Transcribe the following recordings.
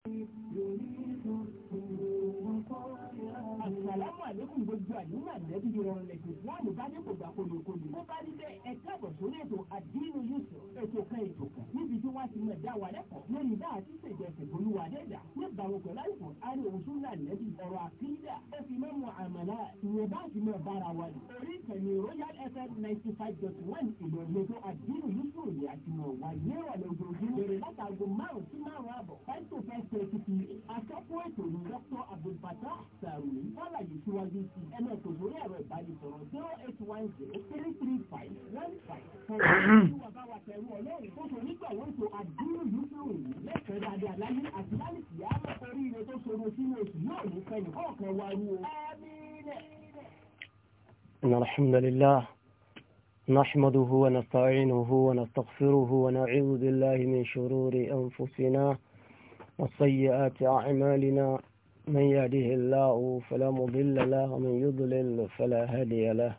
Àṣàlámù àlékún gbogbo àdúrà lẹ́bí ìrọ̀rùn lẹ́kùn láàmú bá dé kò gbà kólókóló. Ó bá rí bẹ́ẹ̀ ẹ káàbọ̀ sórí ètò àdínú Yusuf ètò kan ètò kan níbi tí wọ́n ti mọ̀ ẹ̀dá wa lẹ́kọ̀ọ́ lórí bá àti ṣèjọsìn olúwa dẹ́dà. Níbàámu pẹ̀lú àìkú àrí òṣù náà lẹ́bí ọ̀rọ̀ àfíìdà. Ẹ fi mẹ́mu àmàlà ìwọ̀n bá ti mọ̀ bára wa lò. Orí ìkànnì Royal FM ninety five dot one Ìlọrin ètò àdínú Yusuf ni àti mọ̀ wáyé ọ̀lẹ́ òjòjú. Bẹ̀rẹ̀ látàgò márùn-ún sí márùn-ún àbọ̀ five to five APC akẹ́kọ̀ọ́ ètò ní Dr. Abdulfatah Sarumi ṣàlàyé síwájú sí ẹlẹ́kọ̀ọ́ lórí ẹ̀rọ ìbánisọ̀rọ̀ zero eight one zero three three five one five four two wà bá wa tẹ̀rù ọlọ́run tó so nígbàwọ́ ètò àdúró yìí fún òní lẹ́kẹ̀ẹ́ dáadáa láyé àti láyé ìyá àmọ́ oríire tó ṣòro sínú oṣù yóò ní fẹ́ni kọ̀ọ̀kan wa rú o. إن الحمد لله نحمده ونستعينه ونستغفره ونعوذ بالله من شرور أنفسنا وصيئات أعمالنا من يهده الله فلا مضل له ومن يضلل فلا هدي له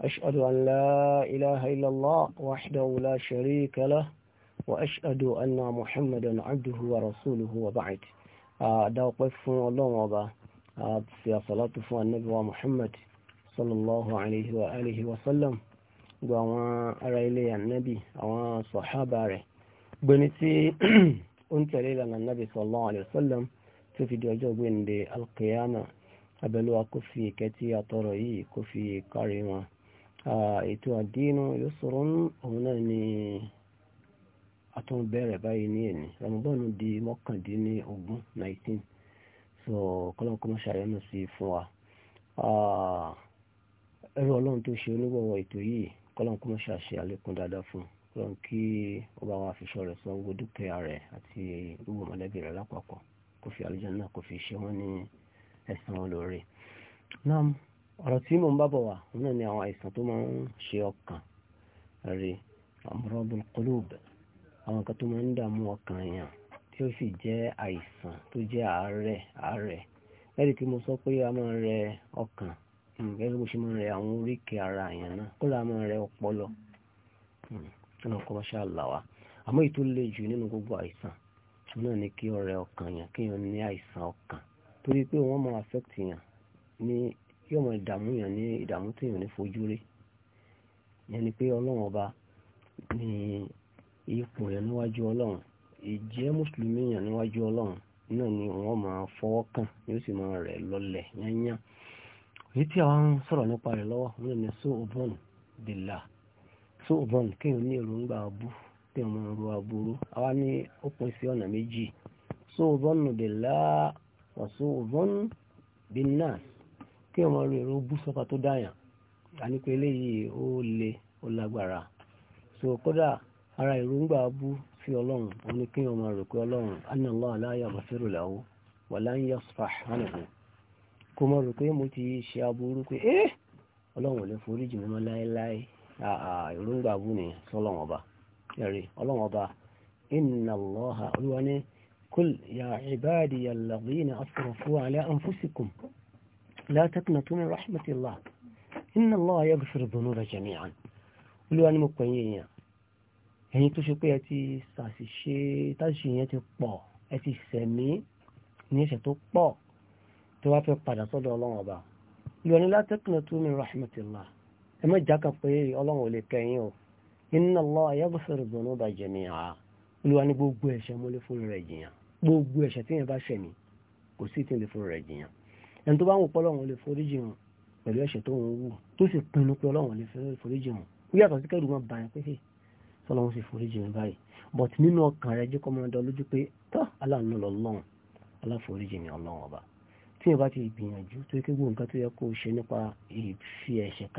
أشهد أن لا إله إلا الله وحده لا شريك له وأشهد أن محمدا عبده ورسوله وبعد أدعو فون الله وبا في صلاة فون النبي محمد صلى الله عليه وآله وسلم وأرى إليه النبي وصحابه بنتي ó ń tẹ̀lé ìlànà nàbì sallallahu alaihi wasallam tó fi di ọjọ́ gbẹ̀ǹde alkiyama abẹ́lúwa kó fi ìkẹ́ tí a tọrọ yìí kó fi kárí wọn. ètò àdínú yusrun òun náà ni àtún bẹ̀rẹ̀ báyìí ní ẹ̀ní Ramadan di mọ́kàndínní ogún nineteen so kọ́lọ́n kọ́mọ́ ṣàyẹ̀nù sí fún wa ẹrú ọlọ́run tó ṣe onígbọ̀wọ́ ètò yìí kọ́lọ́n kọ́mọ́ ṣàṣe àlékún dáadáa fún un lọ́n kí ọba wa fi rẹ̀ san owó dúkìá rẹ àti gbogbo mọ̀lẹ́bí rẹ̀ lápapọ̀ kó fi àlùjánnà fi ṣe ní wọn lóore. náà ọ̀rọ̀ tí mò ń bá bọ̀ wá náà ni àwọn àìsàn tó máa ń ṣe ọkàn àwọn kan tó máa ń dààmú ọkàn èèyàn tí ó sì jẹ́ àìsàn tó jẹ́ àárẹ̀ àárẹ̀ rẹ ọkàn gẹ́gẹ́ ọ̀nà kọ́ máa ṣàlà wa àmọ́ èyí tó le jù nínú gbogbo àìsàn náà ni kí ọ̀rẹ́ ọkàn yàn kí yàn ní àìsàn ọkàn torí pé wọ́n máa affect yàn ní yóò máa ìdààmú yàn ní ìdààmú tí yàn ní fojú rí yẹn ni pé ọlọ́run ọba ní ipò yẹn níwájú ọlọ́run ìjẹ́ mùsùlùmí yàn níwájú ọlọ́run náà ni wọ́n máa fọwọ́ kàn yóò sì máa rẹ̀ lọ́lẹ̀ yányán èyí tí àwọn sọ̀rọ̀ nípa rẹ̀ lọ́wọ́ wọn ni so obon dìlà sóòbọ̀n kéèyàn ní èròǹgbà abú abụ ń ro aburú àwa ní ó pín sí ọ̀nà méjì sóòbọ̀n billah wa sóòbọ̀n binnas kéèyàn èrò bú sọ́fà tó dáyà le ó lágbára so kódà ara èròǹgbà abú sí ọlọ́run ó ní máa rò pé ọlọ́run kó máa rò pé mo ti ṣe aburú pé ẹ́ eh! ọlọ́run ò lè ìrúngbà bú ni sọ́lọ́wọ́n ọba ẹ̀rí ọlọ́wọ́n ọba inna Allaha olúwa ní kul ya ibadiya alladhina asrafu ala anfusikum la taqnatu min rahmatillah inna Allaha yaghfiru dhunuba jami'an olúwa ní mo pè yín èèyàn ẹ̀yin tó ṣe pé ẹ ti ṣàṣìṣe táṣìṣe yẹn ti pọ̀ ẹ ti ṣẹ̀mí ní ẹ̀ṣẹ̀ tó pọ̀ tó wá fẹ́ padà olúwa ní la ẹ má jákà pé ọlọ́run ò lè kẹyìn o inna Allah yaghfiru dhunuba jami'a olúwa ní gbogbo ẹ̀ṣẹ̀ mo lè fún rẹ̀ jìyàn gbogbo ẹ̀ṣẹ̀ tí yẹn bá ṣẹ̀ mí kò sí tí ń lè fún rẹ̀ jìyàn ẹni tó bá ń wò pé ọlọ́run lè forí jìyàn pẹ̀lú ẹ̀ṣẹ̀ tó ń wù tó sì pinnu pé ọlọ́run lè forí jìyàn ó yàtọ̀ sí kẹ́rù máa bá yẹn pé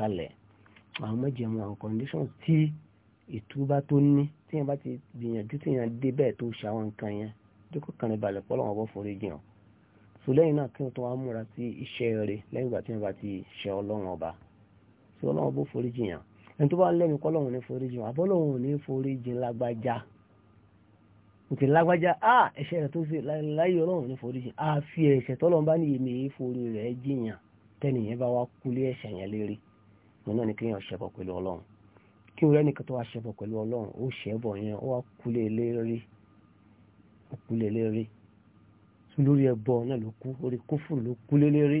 ṣe àwọn mẹ́jẹ̀mú àwọn conditions tí ìtúbá tó ní tí yẹn bá ti gbìyànjú tí yẹn dé bẹ́ẹ̀ tó ṣe àwọn nǹkan yẹn dúkọ̀ kan ní balẹ̀ pọ́lọ́ wọn bọ́ forí jìn ọ́ so lẹ́yìn náà kí wọ́n tó wá múra sí iṣẹ́ rẹ lẹ́yìn ìgbà tí wọ́n bá ti ṣe ọlọ́run ọba sí ọlọ́run bó forí jìn yàn ẹni tó bá lẹ́nu kọ́lọ́run ní forí jìn àbọ́lọ́run ní forí jìn lágbájá òkè lágbájá a ẹ̀ṣẹ̀ rẹ̀ tó ṣe láyé ọlọ́run ní forí jìn àfi ẹ̀ṣẹ̀ tọ́lọ́run bá ní èmi èé forí rẹ̀ jìyàn wọn náà ni kí èèyàn ṣẹbọ pẹ̀lú ọlọ́run kí wọ́n rẹ́nìkan tó wá ṣẹbọ pẹ̀lú ọlọ́run ó o yẹn ó wá kúlé lérí ó kúlé lérí lórí ẹbọ náà ló kú lórí kófùrù ló kú lé lérí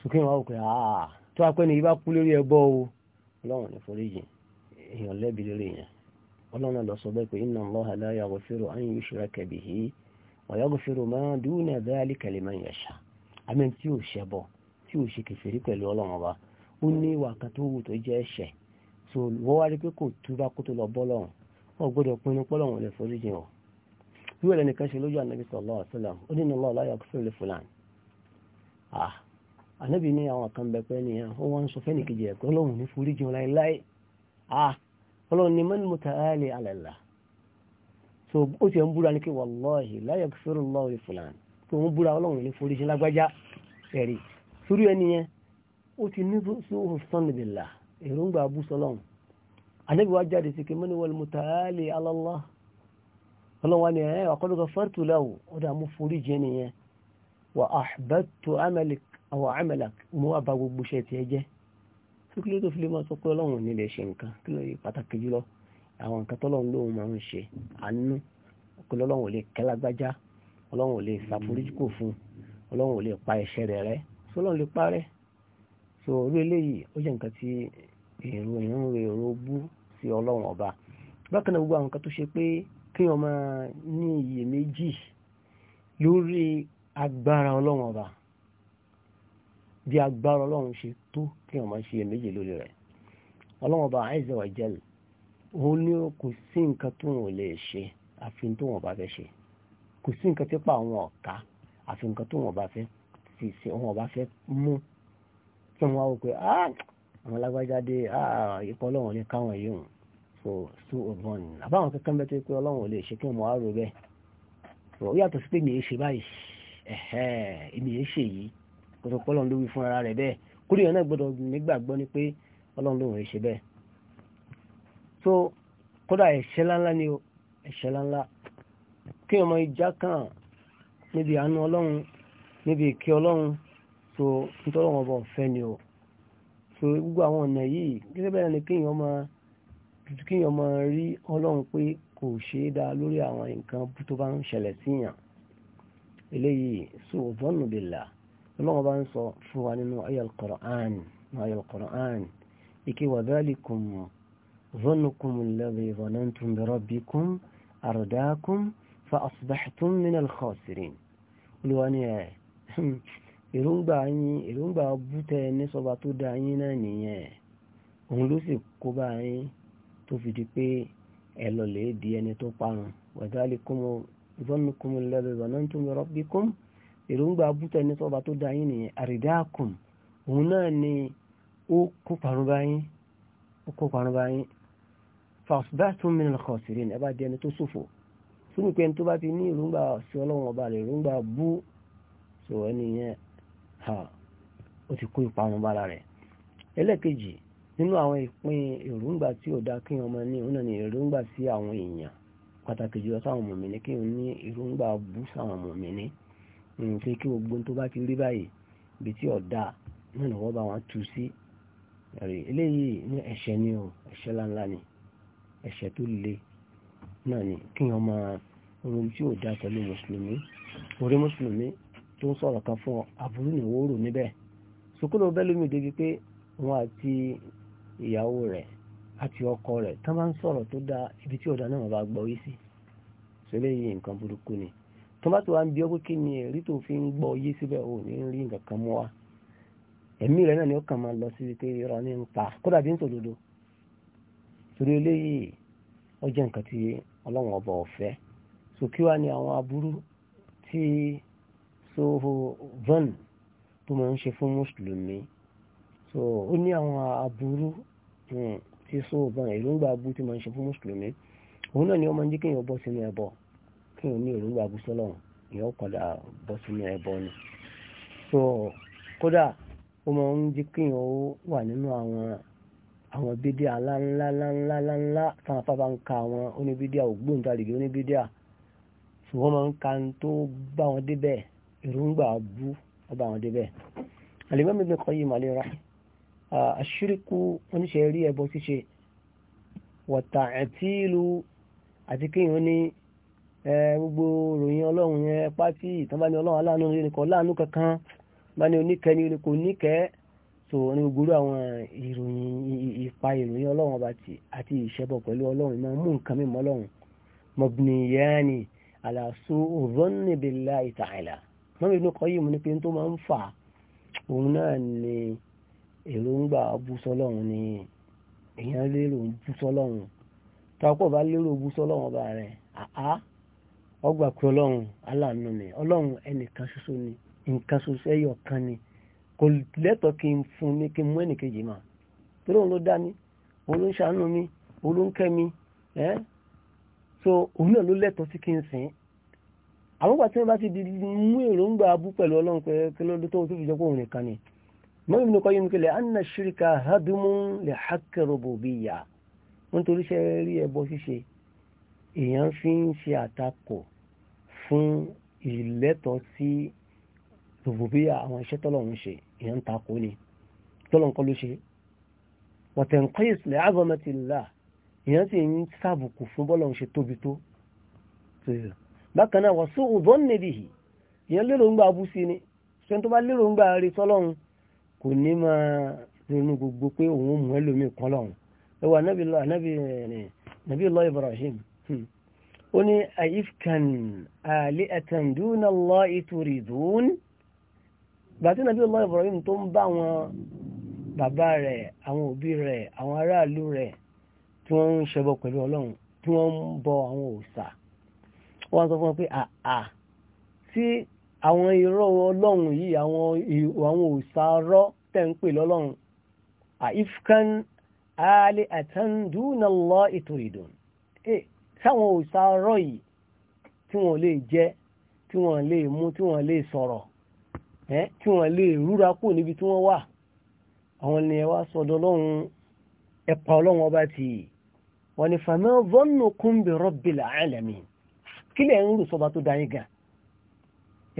sókè wọn wò pé àà tó wá pé ní ibà kú lórí o ọlọ́run ní foríjì èèyàn lẹ́bi lérí yẹn ọlọ́run náà lọ sọ bẹ́ẹ̀ pé àmì tí ò ó ní ìwà kan tó wù tó jẹ́ ẹ̀ṣẹ̀ so wọ́n wá rí pé kò túbá kó tó lọ bọ́ lọ́run wọ́n gbọ́dọ̀ pinnu pọ́ lọ́run lè forí jìn ọ́ bí wọ́n lẹ́nìkan ṣe lójú ànábì sallallahu alaihi ó ní Allah la yaghfiru li fulan ah ànábì ní àwọn kan bẹ pẹ́ nìyẹn ó wọ́n ń sọ fẹ́ nìkejì ẹ̀kọ́ lọ́run ní forí jìn láéláé ah ọlọ́run ni man muta'ali ala Allah so ó ti ń búra ní kí wallahi la yaghfiru Allahu li fulan tó ń búra ọlọ́run ní forí jìn lágbájá ẹ̀rí sórí ẹni yẹn ó ti ní sóhùn sọ́nìbìlà èròǹgbà abúsọ́lọ́n anábì wá jáde sí kìmọ́ni wal muta'ali ala Allah ọlọ́wà ni ẹ̀ àkọ́dọ̀ ghafartu lahu ó dà mú forí jẹ́ nìyẹn wa ahbattu amalak aw amalak mú wá bá gbogbo iṣẹ́ tiẹ̀ jẹ́ tó kí ló tó fi lè máa sọ pé ọlọ́run nílẹ̀ ṣe nǹkan kí ló yẹ pàtàkì jùlọ àwọn ò lè kẹ́lágbájá fún ọlọ́run ò lè pa ẹ̀ṣẹ̀ rẹ̀ rẹ́ sọlọ́run lè parẹ́ so orí eléyìí ó jẹ́ nǹkan tí èrò èèyàn ń re èrò bú sí ọlọ́run ọba bákan náà gbogbo àwọn nǹkan tó ṣe pé kéèyàn máa ní iyèméjì lórí agbára ọlọ́run ọba bí agbára ọlọ́run ṣe tó kéèyàn máa ṣe iyèméjì lórí rẹ̀ ọlọ́run ọba azza wa jal òun ní kò sí nǹkan tó wọn lè ṣe àfi tó wọn bá fẹ́ ṣe kò sí nǹkan tí pa àwọn ọ̀ka àfi nǹkan tó wọn bá fẹ́ mú tí wọ́n wá wò pé ah, àwọn alágbájáde ah, ikọ̀ ọlọ́run lè káwọn yìí hùn so so ọgbọ́n ni àbáwọn kankan bẹ́ẹ̀ tó pé ọlọ́run ò ṣe kí wọ́n wá rò bẹ́ẹ̀ so ó yàtọ̀ sí pé mi è ṣe báyìí èmi è ṣe yìí kò tó pọ́ ọlọ́run ló wí fún ara rẹ̀ bẹ́ẹ̀ kúrò yẹn náà gbọ́dọ̀ nígbàgbọ́ ni pé ọlọ́run lòun ṣe bẹ́ẹ̀ so kódà ẹ̀ṣẹ̀ láńlá ni o ẹ̀ṣẹ̀ láńlá kí ọmọ ìjà kan níbi àánú ọlọ́run níbi ìkẹ́ ọlọ́run so nítorí wọn bọ̀ fẹ́ ni o so gbogbo àwọn ọ̀nà yìí gẹ́gẹ́ bẹ́ẹ̀ ni kéèyàn máa kéèyàn máa rí ọlọ́run pé kò ṣeé dá lórí àwọn nǹkan tó bá ń ṣẹlẹ̀ síyàn eléyìí so ọ̀bọ̀nù bìlà ọlọ́run bá ń sọ fún wa nínú ayal Qur'an ayal Qur'an ike wa dhalikum ظنكم الذي ظننتم بربكم أرداكم فأصبحتم من الخاسرين olùwà ni ẹ̀ èròǹgbà yín èròǹgbà bútẹ́ ní sọba tó dá yín náà nìyẹn òun ló sì kó bá yín tó fi di pé ẹ lọ lè di ẹni tó parun wẹ̀dálì kúmọ̀ ìbọnú kúmọ̀ lẹ́rọ ìbọnú tó ń rọ bí kúm èròǹgbà bútẹ́ ní sọba tó dá yín nìyẹn àrídákùn òun náà ni ó kó parun bá yín ó kó parun bá yín fàṣbá tó ń mìíràn kọ̀ sí rí ẹ bá di ẹni tó ṣòfò sínú pé tó bá ti ní èròǹgbà sí ọlọ́wọ́n ọba rẹ̀ èròǹgbà bú sọ̀rọ̀ ẹni yẹn ó ti kó ìparun bára rẹ̀ ẹlẹ́ẹ̀kejì nínú àwọn ìpín èròǹgbà tí ò dá kí ọmọ ní òun náà ni èròǹgbà sí àwọn èèyàn pàtàkì jùlọ sáwọn ọmọ mi ní kí n ní èròǹgbà bú sáwọn ọmọ mi ní nǹkan kí gbogbo tó bá ti rí báyìí bí tí ọ̀dà náà ni bá wọn tú sí ẹ̀rẹ̀ eléyìí ní ẹ̀ṣẹ̀ ni o ẹ̀ṣẹ̀ láńlá ni ẹ̀ṣẹ̀ tó le náà ni kí ọmọ ohun tí ò dá pẹ̀lú mùsùlùmí orí mùsùlùmí tó ń sọ̀rọ̀ kan fún ọ àbúrú ni wọ́n rò níbẹ̀ sukúlù bẹ́lúmi débi pé wọn àti ìyàwó rẹ̀ àti ọkọ rẹ̀ tán bá ń sọ̀rọ̀ tó dáa ibi tí ọ̀dà náà bá gbọ́ yí sí sílẹ̀ yìí nǹkan burúkú ni tó bá tó wá ń bí ni èrí tó fi ń gbọ́ yí síbẹ̀ ò ní rí nǹkan kan mọ́ wa ẹ̀mí rẹ̀ náà ni ó kàn máa lọ sí pé irọ́ ní ń pa ń torí eléyìí ni àwọn aburú tí so van tó máa ń ṣe fún mùsùlùmí so ó ní àwọn aburú hmm, tí so van èròǹgbà abú tí máa ń ṣe fún mùsùlùmí òun náà ni ó máa ń jẹ́ kéèyàn bọ́ sínú ẹbọ kéèyàn ní èròǹgbà abú sọ́lọ́run èèyàn padà bọ́ sínú ẹbọ ni so kódà ó máa ń jẹ́ kéèyàn ó wà nínú àwọn àwọn bídíà ńláńláńláńláńlá táwọn afá bá ń ka àwọn oníbídíà ògbóǹtarìgì oníbídíà ṣùgbọ́n máa ń ka tó bá wọn débẹ̀ èròǹgbà bú ọba àwọn débẹ̀ alimami Ibn Qayyim alayhi rahmah àṣírìkú oníṣẹ́ rí ẹbọ ṣíṣe wọ̀tà ẹ̀tíìlú àti kéèyàn ní gbogbo ròyìn ọlọ́run yẹn pátí ìtàn bá ní ọlọ́run aláàánú ní kò láàánú kankan bá ní oníkẹ́ni ní kò níkẹ́ tó ní gbogbo àwọn ìròyìn ipa ìròyìn ọlọ́run ọba àti ìṣẹ́bọ pẹ̀lú ọlọ́run máa mú nǹkan mímọ́ ọlọ́run mọ̀bìnìyàn ni àlàsó òrọ́nìbìlá ta'ala mọ́mí inú kọ́ yìí mú ní pé tó máa ń fà òun náà ni èròǹgbà búsọ́lọ́hún ni èèyàn lérò búsọ́lọ́hún tọ́pọ̀ bá lérò búsọ́lọ́hún ọba rẹ̀ àá ọgbà pé ọlọ́run aláàánú ni ọlọ́run ẹnìkan ṣoṣo ni nǹkan ṣoṣo ẹyọ kan ni kò lẹ́tọ̀ọ́ kí n fún mi kí n mú ẹnìkejì mà torí ló dá mi ń ṣàánú mi òun ń kẹ́ ẹ́ so òun náà ló lẹ́tọ̀ọ́ sí kí n sìn àwọn ìgbà tí wọ́n bá ti di mú èròǹgbà abú pẹ̀lú ọlọ́run pé kí ló tó tó fi jẹ́ pòun nìkan ni mọ́mí mi kọ́ yé mi kí lẹ̀ anna shirika hadumu lè hákẹ́rọ̀ bò bí yá wọ́n torí ṣe rí ẹbọ ṣíṣe èèyàn fi ń ṣe àtakò fún ìlẹ́tọ̀ sí rògbòbíyà ṣe èèyàn ń takò ni bákan náà wọ́n sún ọ̀bọ̀n níbi yìí ìyẹn lérò ń gbà bú sí ni ṣé tó bá lérò ń gbà rí sọ́lọ́run kò ní máa ronú gbogbo pé òun mú ẹlòmíì kan lọ́run ẹ nàbí lọ Ibrahim hmm. ó ní àyífkan àlẹ́ àtàndúnà lọ ìtòrí dùn gbàtí nàbí lọ Ibrahim tó ń bá wọn bàbá rẹ̀ àwọn òbí rẹ̀ àwọn aráàlú rẹ̀ tí wọ́n ń ṣẹbọ pẹ̀lú Ọlọ́run tí wọ́n ń bọ àwọn òòṣà wọ́n sọ fún ọ pé àà tí àwọn irọ́ ọlọ́run yìí àwọn òòṣà rọ́ tẹ̀ ń pè lọ́lọ́run àìfkan àálẹ́ àtàndúnàlọ́ ètò ìdùn sáwọn òòṣà yìí tí wọ́n lè jẹ tí wọ́n lè mu tí wọ́n lè sọ̀rọ̀ tí wọ́n lè rúra kù níbi tí wọ́n wà àwọn ni ẹ wá sọ́dọ̀ ẹ̀pà ọlọ́run ọba ti wọ́n ni fàmí ọ̀vọ́nù kúmbì rabbil alamin kílẹ̀ ń rò sọba tó dáyé ga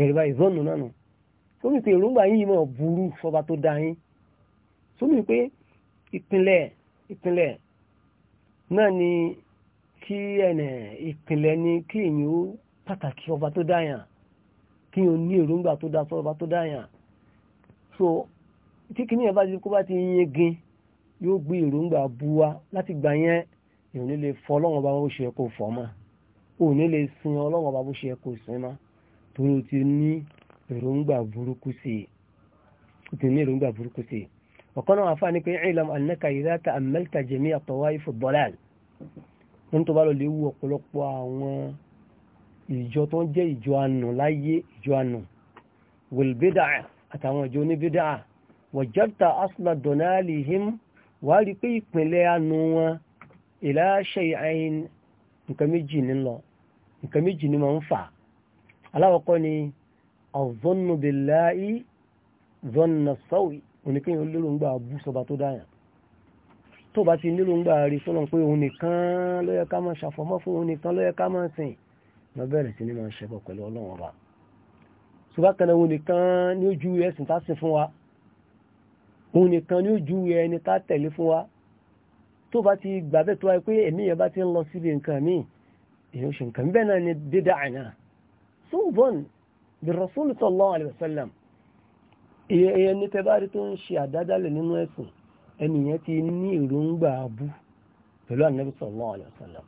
ẹ̀rẹ̀bá ìzọ́nù náà nù sómi pé èròǹgbà yìí mọ̀ burú sọba tó dáyé sómi pé ìpínlẹ̀ ìpínlẹ̀ náà ni kí ẹnẹ ìpínlẹ̀ ni kí èyí ó pàtàkì ọba tó dáyà kí o ní èròǹgbà tó dá sọ́ba tó dáyà so tí kìíní ẹ̀ bá ti kó bá ti yingin yóò gbé èròǹgbà buwa láti gbà yẹn èyí lè fọ́ ọlọ́run bá wọn ó ṣe ẹ̀kọ́ fọ́ máa ò ní lè sin ọlọ́wọ́ bá bó ṣe kò sin ma torí o ti ní èròǹgbà burúkú sí o ti ní èròǹgbà burúkú sí ọ̀kan náà àfáà ní pé ìlàm annaka idha ta'ammalta jami'a tawaif ad-dalal ní tó bá lọ lè wú ọ̀pọ̀lọpọ̀ àwọn ìjọ tó ń jẹ́ ìjọ ànà láyé ìjọ ànà wòlbídà àtàwọn ìjọ oníbídà wọ̀jọ́ta asla donalihim wà rí pé ìpínlẹ̀ ànà wọn ìlàṣẹ ìhàyìn nǹkan méjì nílọ nǹkan méjì ni máa ń fà aláwọ̀kọ́ ni az-zannu billahi zanna sawi oníkéyàn lérògbà bú sọba tó dáyà tó bá ti lérògbà rí sọ́nà pé òun nìkan ló yẹ ká máa ṣàfọ̀mọ́ fún òun nìkan ló yẹ ká máa sìn lọ bẹ̀rẹ̀ sí ni máa ń ṣẹbọ pẹ̀lú ọlọ́run ọba wa òun nìkan ní ojú ẹni tá èèyàn ṣe nǹkan bẹ́ẹ̀ náà ni dídá àná sóòbọ̀n bí rasúlù sallallahu alaihi wasallam èèyàn ní tẹ́ bá rí tó ń ṣe àdádálẹ̀ nínú ẹ̀sìn ẹnìyẹn ti ní èròǹgbà abú pẹ̀lú ànábì sallallahu alaihi wasallam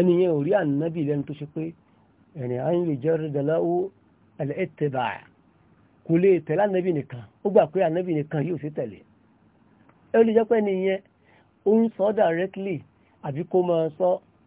ẹnìyẹn ò rí ànábì lẹ́nu tó ṣe pé ẹ̀rìn à ń lè jẹ́ rẹ̀dẹ̀láwó ẹ̀lẹ́tẹ̀bà kò lè tẹ̀lé nìkan ó gbà pé ànábì nìkan yóò ṣe tẹ̀lé ẹ ó lè ó ń sọ directly àbí kó máa sọ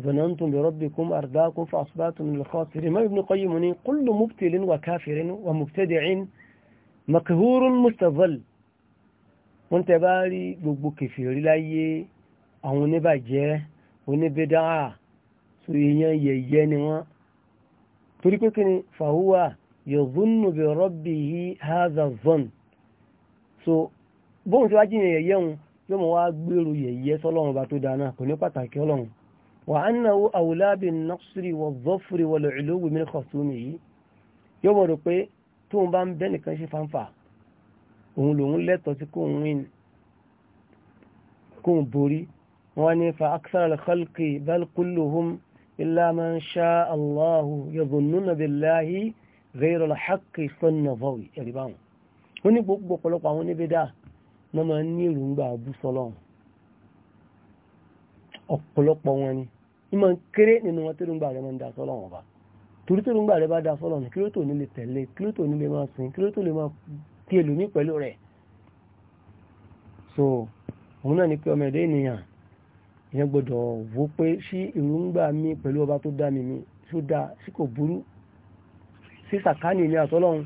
ظننتم بربكم أرداكم فأصبحتم من الخاسرين ما ابن قيم كل مبتل وكافر ومبتدع مقهور مستظل وانت باري gbogbo kèfèrí láyé àwọn oníbàjẹ́ oníbẹ̀dáà tó èèyàn yẹ̀yẹ́ ni wọ́n torí pé kí ni fàhúwà yọ̀zúnnù bí rọ́bì yìí haza zon so bóhun tí wá jíyàn yẹ̀yẹ́ wọn yóò mọ̀ wá gbèrò yẹ̀yẹ́ sọ́lọ́run bá tó dáná kò ní pàtàkì ọlọ́run وأنه أولى بالنصر والظفر والعلو من خصومه yóò rò pé tóun bá ń bẹ́ nìkan ṣe fanfa òun lòun lẹ́tọ̀ọ́ sí kóun win kóun borí wọ́n ní fa aksar al-khalqi bal kulluhum illa man sha Allahu yadhunnuna billahi ghayra al-haqqi sọ́nà bọ́ọ̀ì ẹ̀rí ní gbogbo ọ̀pọ̀lọpọ̀ àwọn oníbi dáa máa ní èròǹgbà abúsọ́lọ́run ọ̀pọ̀lọpọ̀ wọn ni ìmọ̀ kéré nínú wọn tẹ́rùngbà rẹ̀ máa ń da sọ́lọ̀ wọn bá torí tẹ́rùngbà rẹ̀ bá da sọ́lọ̀ ní kí ló tó nílé tẹ̀lé kí ló tó nílé máa sin kí ló tó lè máa kí ẹlòmí pẹ̀lú rẹ̀ so òun náà ni pé ọmọ ẹ̀dẹ́ ènìyàn ìyẹn gbọ́dọ̀ wó pé sí ìrúngbà mi pẹ̀lú ọba tó dá mi mi tó dá sí kò burú sí sàkání mi àtọ́lọ́run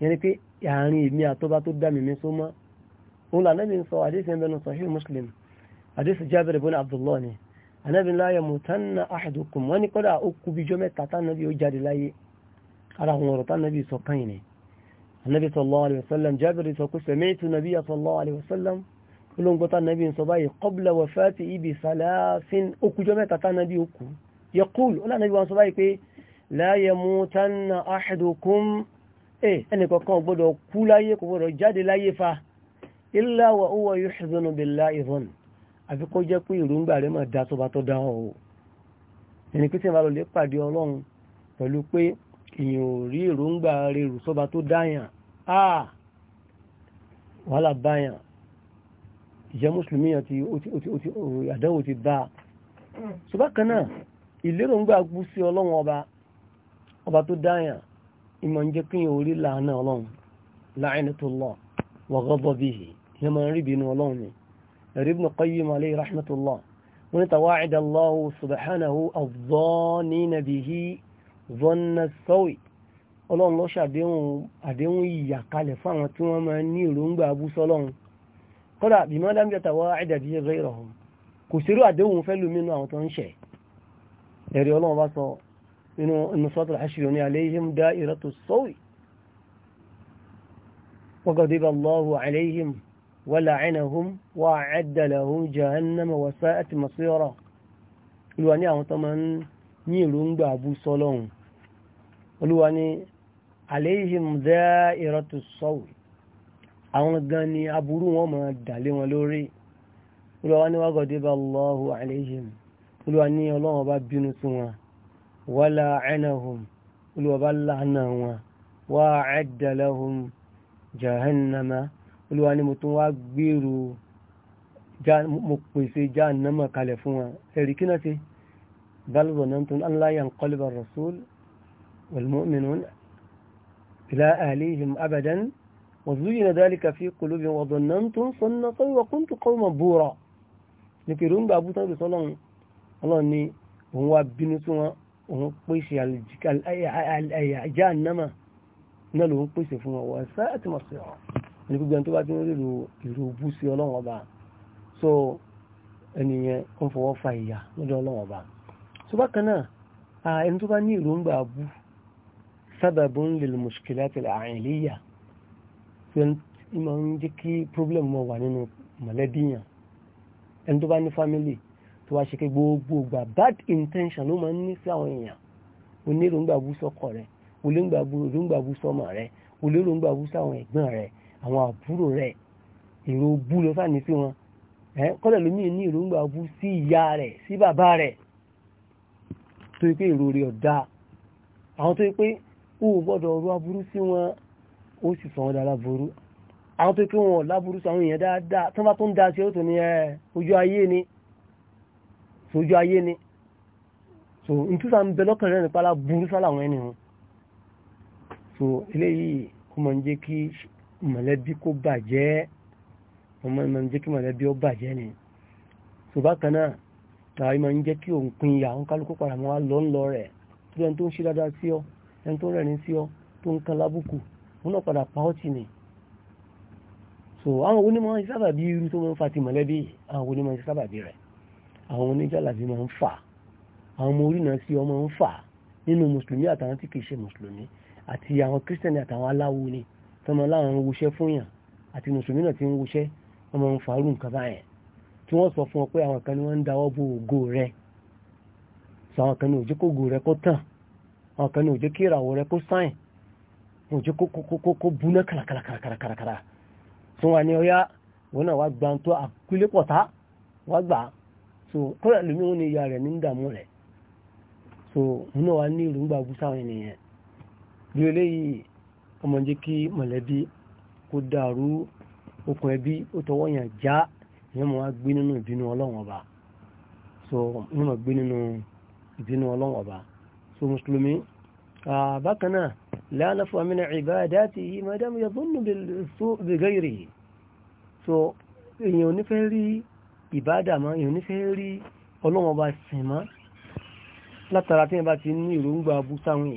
ni pé àárín èmi àtọ́ba tó dá mi mi tó mọ́ òun lànà mi sọ àdéhùn ẹ̀mẹ́nu sọ hí Muslim àdéṣù jábẹ̀ rẹ̀ bọ́nà abdullahi ni anábì la yamutanna ahadukum wọ́n ní kọ́dà ó kú bíjọ́ mẹ́ta tánàbí ó jáde láyé ara àwọn ọ̀rọ̀ tánàbí sọ kan yìí anábì sallallahu alaihi wasallam jábẹ̀ rẹ̀ sọ pé sami'tu nabiyya sallallahu alaihi wasallam olóńgbò tánàbí sọ báyìí qabla wafati ibi salasin ó kújọ́ mẹ́ta tánàbí ó kú yaqul olóńgbò wọn sọ báyìí pé la yamutanna ahadukum ẹnìkọ̀ọ̀kan gbọ́dọ̀ kú láyé kò gbọ́dọ̀ jáde láyé fa illa wa huwa yuhzanu billahi dhann àfi kó jẹ́ pé ìrúngbà rẹ̀ mọ̀ dá tó bá tó dá ọ̀ o ẹni pé tí wọ́n lọ lè pàdé ọlọ́run pẹ̀lú pé èèyàn ò rí ìrúngbà rẹ̀ rù sọ́ba tó dáyàn á ah! wàhálà báyàn ìjẹ́ mùsùlùmí àti àdánwò ti bá a ṣùgbọ́n kan náà ìlérògbà gbú sí ọlọ́run ọba ọba tó dáyàn ìmọ̀ ń jẹ́ kí yẹn orí làánà ọlọ́run la'inatullah wa ghadabihi ìyẹn máa ń rí ìbínú ọlọ́run ni ibn qayyim عليه رحمة الله ونتواعد الله سبحانه subhanahu adh ظن bihi dhanna as-sawi ọlọ́run ló ṣàdéhùn àdéhùn ìyàkalẹ̀ fáwọn tí wọ́n máa ní ìròǹgbà abúsọ́lọ́run kódà bí mọ́ dámjẹ́ tawa'id bihi ghayrahum kò sírò àdéhùn fẹ́ lómi inú àwọn tó ń ṣẹ̀ ẹ̀rí ọlọ́run ولعنهم وأعد لهم جهنم وساءت مصيرا olúwa ní àwọn tó máa ń ní ìrúngbà abú sọ́lọ́hun olúwa ní alayhim da'iratu saw àwọn gan ni aburú wọn máa dàlé wọn lórí olúwa ní wa ghadiba Allahu alayhim olúwa ní ọlọ́wọ́n bá bínú sí wọn wa la'anahum olúwa bá lánà wọn wa a'adda lahum jahannama olúwa ni mo tún wá gbèrò mo pèsè jahannama kalẹ̀ fún wọn ẹ̀rí kí náà ṣe bálùbọ̀ náà tún an la yanqaliba ar-rasul wal mu'minun ila ahlihim abadan wa zuyyina dhalika fi qulubihim wa dhannantum sunnatallahi wa kuntum qawman bura ní pẹ̀lú ń gbà bútọ́ ìbísọ́lọ́run ọlọ́run ni òun wá ní gbogbo ẹni tó bá ti ń rírò ìrò bú sí ọlọ́run ọba so ẹnìyẹn ń fọwọ́ fa ìyà lọ́dọ̀ ọlọ́run ọba so bákan náà ẹni tó bá ní ìròǹgbà bú sababun lil mushkilatil a'iliya tó ń máa ń jẹ́ kí problem mọ̀ wà nínú mọ̀lẹ́bí ẹni tó bá ní family tó wá ṣe pé gbogbo gbà bad intention ló máa ń ní sí àwọn èèyàn oníròǹgbà bú sọ́kọ rẹ̀ olóńgbà bú sọ́mọ rẹ̀ olóròǹgbà bú sáwọn ẹ̀gbọ́n rẹ̀ àwọn àbúrò rẹ̀ èrò bú lọ sáàní sí wọn kọ́lẹ̀ lómi ní ìròǹgbà bú sí ìyá rẹ̀ sí bàbá rẹ̀ tó yí pé èrò rẹ̀ ọ̀dá àwọn tó yí pé ó gbọ́dọ̀ ọrọ̀ aburú sí wọn ó sì sọ wọn dára burú àwọn tó yí pé wọn ò láburú sí àwọn èèyàn dáadáa tó bá tó ń da sí ó tó ní ojú ayé ni sojú ayé ni so n tí sá bẹ lọ́kàn rẹ̀ nípa láburú sálà àwọn ẹni hàn so eléyìí ó máa ń jẹ́ kí mọ̀lẹ́bí kó bàjẹ́ ọmọ ìmọ̀ jẹ́ kí mọ̀lẹ́bí ó bàjẹ́ ni so bákan náà àwọn ìmọ̀ ń jẹ́ kí òun pin ìyà òun kálukú padà mọ́ wá lọ ń lọ rẹ̀ tí ẹni tó ń ṣe dáadáa sí ọ ẹni tó ń rẹ̀rin sí ọ tó ń kan lábùkù òun náà padà pa ọ́ tì ní so àwọn onímọ̀ sábà bí irú tó máa ń fa ti mọ̀lẹ́bí àwọn onímọ̀ sábà bí rẹ̀ àwọn oníjàlàbí máa ń fà àwọn ọmọ orí náà sí ọmọ ń fà nínú mùsùlùmí àtàwọn tí kì ṣe mùsùlùmí àti àwọn kírísítẹ̀nì àtàwọn aláwo ni tọmọ láwọn ń wuṣẹ́ fún yàn àti mùsùlùmí náà ti ń wuṣẹ́ ọmọ ń farú nǹkan báyẹn tí wọ́n sọ fún ọ pé àwọn kan ni wọ́n ń dáwọ́ bo ògo rẹ sọ àwọn kan ní òjò kó ògo rẹ kó tàn àwọn kan ní òjò kí ìràwọ̀ rẹ kó sáìn òjò kó búná kàràkàràkàràkàrà tí wọ́n ní ọyá wọn náà wá gba tó àkúlépọ̀tá wá gbà so kọ́lá lómi wọn ni ìyá rẹ̀ ní dààmú rẹ̀ so wọn náà wá ní ìrùngbà bú sáwọn ènìyàn bí eléyìí ó máa ń jẹ́ kí mọ̀lẹ́bí kó dàrú okùn ẹbí ó tọwọ́ yàn já ìyẹn wá gbé nínú ìbínú ọlọ́run ọba so ìyẹn mọ̀ gbé nínú ìbínú ọlọ́run ọba so mùsùlùmí bákan náà la'ana fa min ibadatihi ma dam yadhunnu bis-su'i bi so èèyàn ò ní fẹ́ rí ìbádà mọ́ èèyàn ò ní fẹ́ rí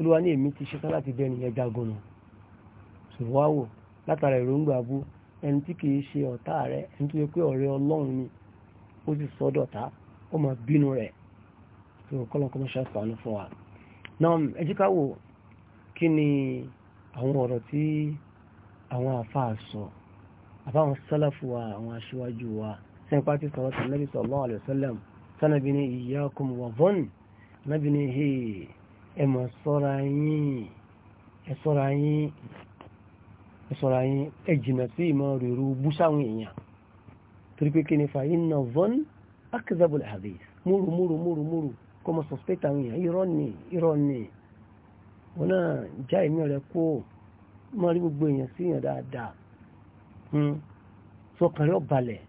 olúwa ní èmi ti ṣetán láti bẹ́ẹ̀ nìyẹn jagun nù ṣùgbọ́n wò látara èròǹgbà bú ẹni tí kìí ṣe ọ̀tá rẹ ẹni tó yẹ pé ọ̀rẹ́ ọlọ́run ni ó sì sọ ó máa bínú rẹ̀ tó kọ́lọ́n kọ́mọ́ ṣàfàánú fún wa. náà ká wò kí ni àwọn ọ̀rọ̀ tí àwọn àfáà sọ ti sọ̀rọ̀ ẹ mọ̀ sọ́ra yín ẹ sí ìmọ̀ rírú búṣáwọn èèyàn torí pé kí ni fa iná von akizabul hadith múrù múrù múrù múrù wọn náà já ìmí kó mọ́ rí gbogbo èèyàn sí èèyàn dáadáa hmm. sọkàn rẹ balẹ̀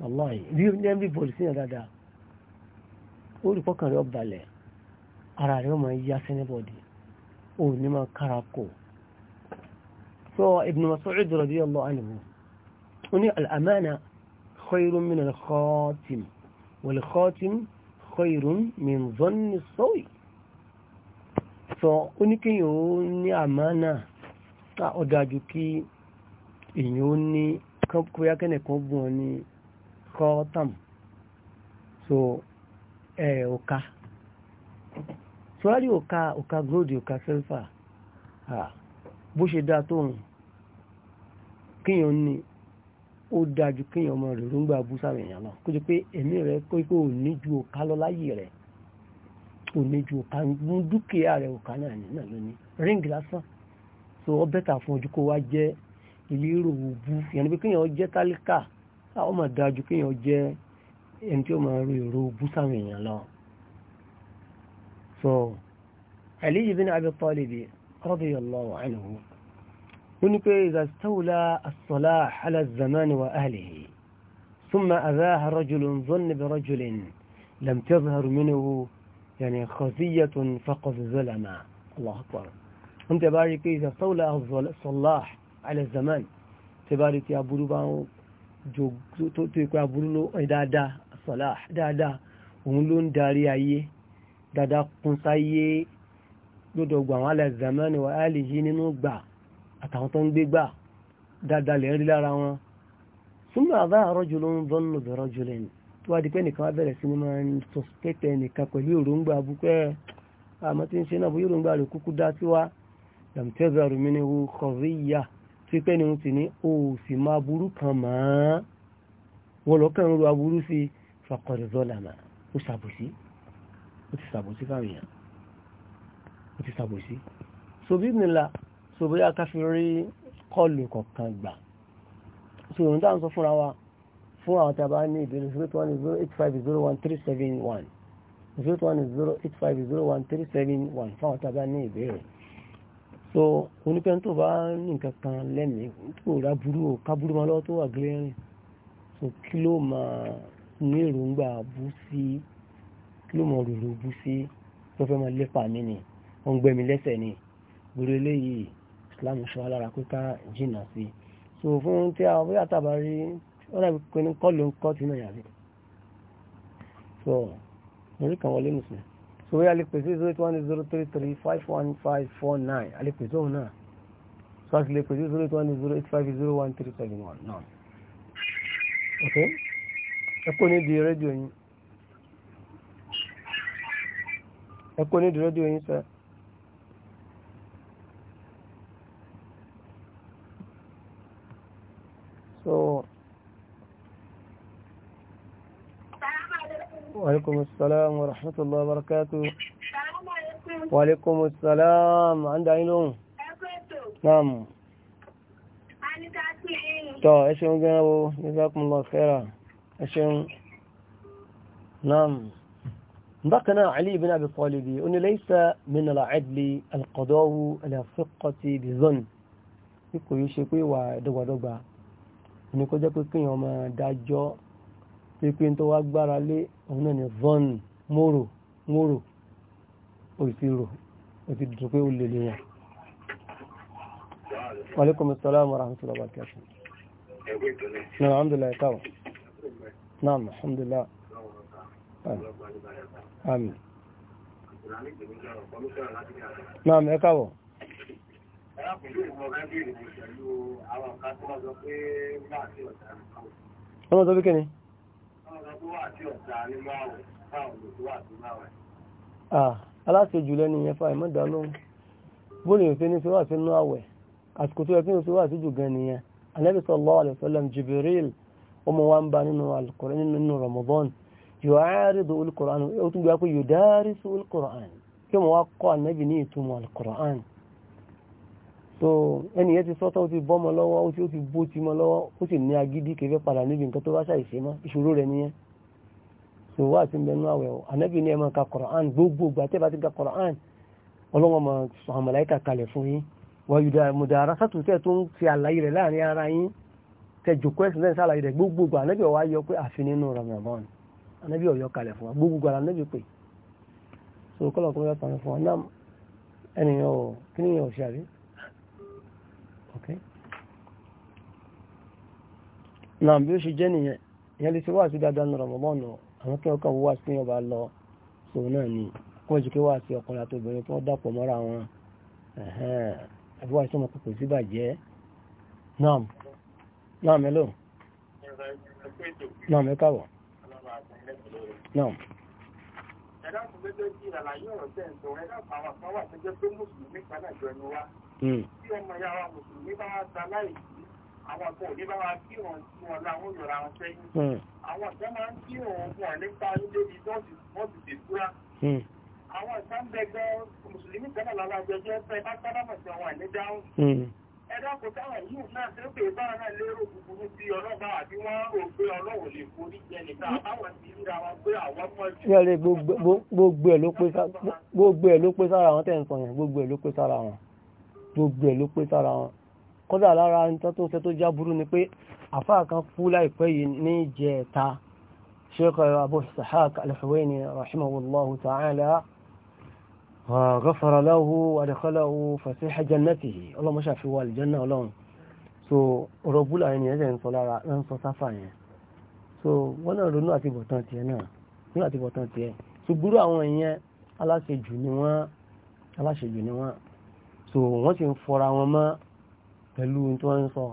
wallahi rí everybody sí èèyàn dáadáa ó rí kọ́kàn ara rẹ̀ ọmọ yá sẹ́nẹ́bọ̀dì ò ní máa kára kò so Ibn Mas'ud radiyallahu anhu ó ní al-amana khayrun min al-khatim wal-khatim khayrun min zanni as-sawi so ó ní kí yóò ní àmánà ká ọ̀dájú kí èyàn ní kóyá kẹ́nìkan gùn ọ ní khatam so ẹ̀ ọ̀ka sọ́rọ́lì òka òka gúródì òka sílfà bó ṣe dá tóun kíyàn ní ó dájú kíyàn ọmọ rẹ̀ rúngbà búsàmì èèyàn náà kó jẹ́ pé ẹ̀mí rẹ̀ kó ikú ò ní ju òka lọ láyé rẹ̀ ò ní ju òka mú dúkìá rẹ̀ òka náà ní náà lónìí ríǹgì lásán so ọ bẹ́tà fún ojú kó wá jẹ́ ìlérò òbú yẹn ni pé kíyàn jẹ́ tálíkà ó mà dájú kíyàn jẹ́ ẹni tí ó máa ro èrò búsàmì èèyàn náà so Ali ibn Abi Talib radiyallahu anhu ó ní pé idha istawla as-salah ala az-zamani wa ahlihi thumma adhaha rajulun dhanna bi rajulin lam tazhar minhu يعني خزية فقد ظلم الله أكبر أنت بارك إذا طول الصلاح على الزمان تبارك يا بروبا جو تيكو يا برولو دادا الصلاح دادا وملون داري أيه dáadáa kún sáyé lọ́dọ̀ gbà àwọn alẹ́ zamani wa alihi nínú gbà àtàwọn tó ń gbé gbà dáadáa lè rí lára wọn súnmọ́ àbá rajulun dhanna bi rajulin tó wá di pé nìkan wá bẹ̀rẹ̀ sí ni máa ń sọ̀spẹ́tẹ̀ nìkan pẹ̀lú òróǹgbà abúkẹ́ àmọ́ tí ń ṣe náà bó yóòróǹgbà rẹ̀ kúkú dá sí wa dàmtẹ́zàrù mi ni kọ̀ríyà tí pẹ́ ni ó ti ní o sì máa burú kan máa wọ́n lọ́kàn ń ro aburú sí fàkọ̀rẹ̀zọ́làmà ó ṣàbòsí ó ti sàbòsí fáwọn èèyàn ó ti sàbòsí so bí nìlá so bóyá ká fi rí kọlù kọ̀ọ̀kan gbà so ìrùn táwọn sọ fúnra wa fún àwọn tàbá ní ìbéèrè 08108501371 08108501371 fún àwọn tàbá ní ìbéèrè so onípẹ́ tó bá ní nǹkan kan lẹ́mìí tó rà burú o ká ma lọ́wọ́ tó wà gílẹ́rìn so kí ló máa ní èròǹgbà bú sí kí ló mọ òrùlù bú sí tó fẹ́ máa lépa mi ni wọ́n ń gbẹ́ mi lẹ́sẹ̀ ni gbèrè eléyìí islam ṣọ alára pé ká jìnnà sí i so fún tí a bóyá tàbá rí wọ́n dàbí pé ní kọ́ọ̀lù ń kọ́ tí náà yàrá so orí kan wọlé nìsín so bóyá lè pèsè zero eight one zero three three five one five four nine a lè pèsè òun náà so a sì lè pèsè zero eight one zero eight five zero one three seven one náà ok ẹ kò ní di rédíò yín. يكون kó وينسى dúró وعليكم السلام ورحمة الله وبركاته وعليكم السلام عند عينهم نعم طيب ايش جنبه جزاكم الله خيرا ايش نعم بقنا علي بن أبي طالب أنه ليس من العدل القضاء على الثقة بظن kíkò yóò ṣe pé wà dọ́gbàdọ́gbà ní kó jẹ́ pé kí èèyàn máa dájọ́ pípé tó wá gbára lé òun náà ni von moro moro òsirò òti dùn pé ó lè lèyàn. Alaikum salaam wa rahmatullahi wa barakatuh. Alhamdulillah káwọ̀. Naam, alhamdulillah àmín náà ẹ káwọ̀ ọmọ tó bí kí ni aláṣejù lẹ́ni yẹn fa ìmọ́dá lóhun bóòlù yóò fi ní síwá sí inú àwẹ̀ àsìkò tó yẹ kí ní síwá sí jù gan nìyẹn Ànábì sallallahu alaihi wasallam Jibril ọmọ wa ń ba nínú Al-Qur'an nínú Ramadan yu'aridu al-Qur'an ó tún gbà pé yudarisu al-Qur'an kí wọ́n wá kọ́ ànábì ní ìtumọ̀ al-Qur'an so ẹni yẹn ti sọ́tọ́ ó ti bọ́ mọ́ lọ́wọ́ ó ti ó ti bó ti mọ́ lọ́wọ́ ó sì ní agídí kẹfẹ́ padà níbi nǹkan tó bá ṣàìṣe mọ́ ìṣòro rẹ̀ nìyẹn so wá àti mbẹ́nu àwẹ̀ o ànábì ní ẹ máa ka Qur'an gbogbo ìgbà tẹ́ bá ti ka Qur'an ọlọ́wọ́n máa sọ àmàlàíkà kalẹ̀ fún yín wọ́n yùdà mùdàrà sátúntẹ̀ tó ń fi àlàyé rẹ̀ láàrin ara yín kẹjọ kwẹ́sì lẹ́yìn sálàyé rẹ̀ gbogbo ìgbà ànábì ọ̀wá yọ pé àfi nínú Ramadan anábì ọ̀yọ́ kalẹ̀ fún wa gbogbo ara anábì pè so kọ́lọ̀ kó yọ sàmì fún wa náà ẹnìyàn ọ̀ kí nìyàn ọ̀ ṣe àrí ok náà bí ó ṣe jẹ́ nìyẹn ìyẹn lè ṣe wá sí dáadáa nù rọ̀mọ́bọ́ọ̀nù àwọn kí ọkàn wá sí ọba lọ so náà ni kó jù kí wá sí ọkùnrin àti obìnrin tó dàpọ̀ mọ́ra wọn ẹ̀hẹ́n wá sí ọmọ kòkò sí bàjẹ́ náà náà mélòó náà mẹ́kàwọ̀ náà ẹ̀dàkùn méjèèjì àlàyé ọ̀rọ̀ tẹ̀ ń sọ ẹ̀dàkùn àwọn kan wà tó mùsùlùmí kan náà jọ ẹnu wa tí ọmọ ìyá wa mùsùlùmí bá wá ta láì sí àwọn kan ní bá wa kí wọn sí wọn láwọn yọra wọn sẹ́yìn àwọn kan máa ń kí wọn fún ọ nípa ilé ní bọ́ọ̀sì bọ́ọ̀sì tèkúrá àwọn kan bẹ gan mùsùlùmí kan náà lọ́la jẹjẹ fẹ́ bá sábà mọ̀ sí àwọn àìní dáhùn ẹ̀dá kò táwọn yìí náà tí ó pè bára náà lérò búburú sí ọlọ́ba àbí wọ́n rò pé ọlọ́wọ̀ lè forí jẹni tá àbáwọn ti ríra wọn pé àwọn mọ́ jù. yẹ́rẹ́ gbogbo ẹ̀ ló pé sára wọn tẹ̀ ń sọ yẹn gbogbo ẹ̀ ló pé sára wọn gbogbo ni pé àfáà kan kú láìpẹ́ yìí ta'ala غفر له وادخله فسيح جنته الله ما شاء في àlìjánná ọlọ́run so رب búlà ẹni ẹ̀jẹ̀ ń sọ lára ń sọ sáfà yẹn so wọ́n náà ronú àti bọ̀tán tiẹ̀ náà ronú so gbúrú àwọn ìyẹn aláṣejù ni wọ́n aláṣejù ni wọ́n so wọ́n ti ń fọra wọn mọ́ pẹ̀lú tí wọ́n ń sọ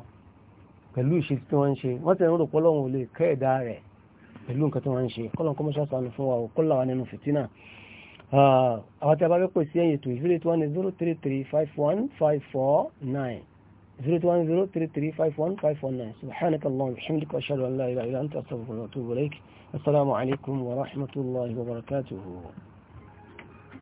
pẹ̀lú ìṣe tí wọ́n ń ṣe wọ́n ti ń rò pé ọlọ́run ò lè kẹ́ ẹ̀dá rẹ̀ pẹ̀lú nǹkan tí wọ́n ń ṣe kọ́lọ́n kọ́mọ́ṣáṣá ni fún wa ò kọ́lá wa nínú fìtínà Ah, àwọn tí a bá fẹ́ pè sí ẹ̀yìn ètò zero eight one zero three three five one five four nine zero eight one zero three three five one five four nine subhanakallahumma wa bihamdika ashhadu an la ilaha illa anta astaghfiruka wa atubu ilaik assalamu alaikum wa rahmatullahi wa barakatuhu.